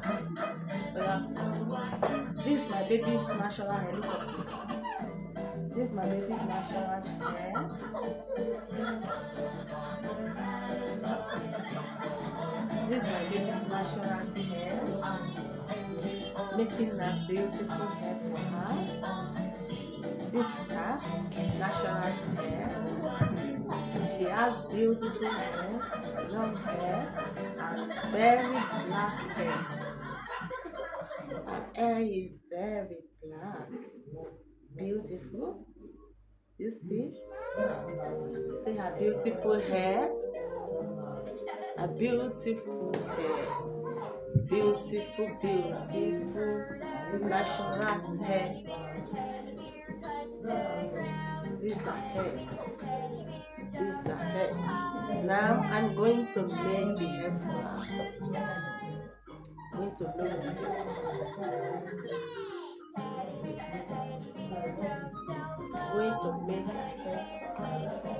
This is my baby's natural hair. This is my baby's natural hair. This is my baby's natural hair. I'm making that beautiful hair for her. This is her natural hair. She has beautiful hair, long hair, and very black hair hair is very black. Beautiful. You see? See her beautiful hair. A beautiful hair. Beautiful, beautiful natural hair. This hair. This hair. Now I'm going to make the hair for her need to know way to make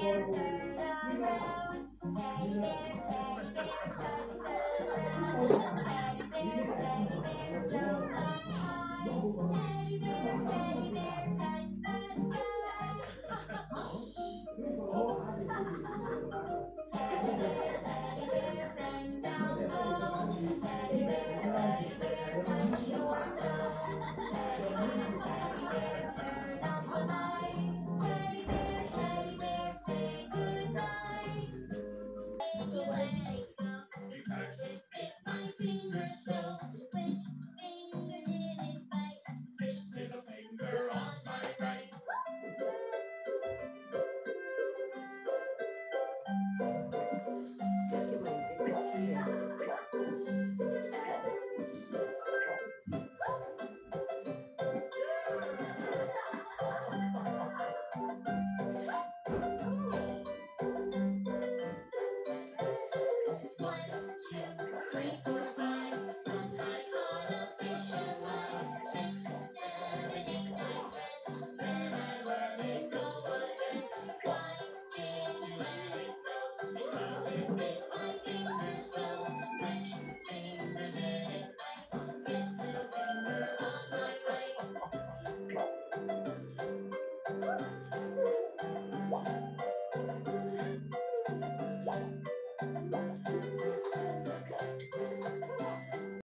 Amen.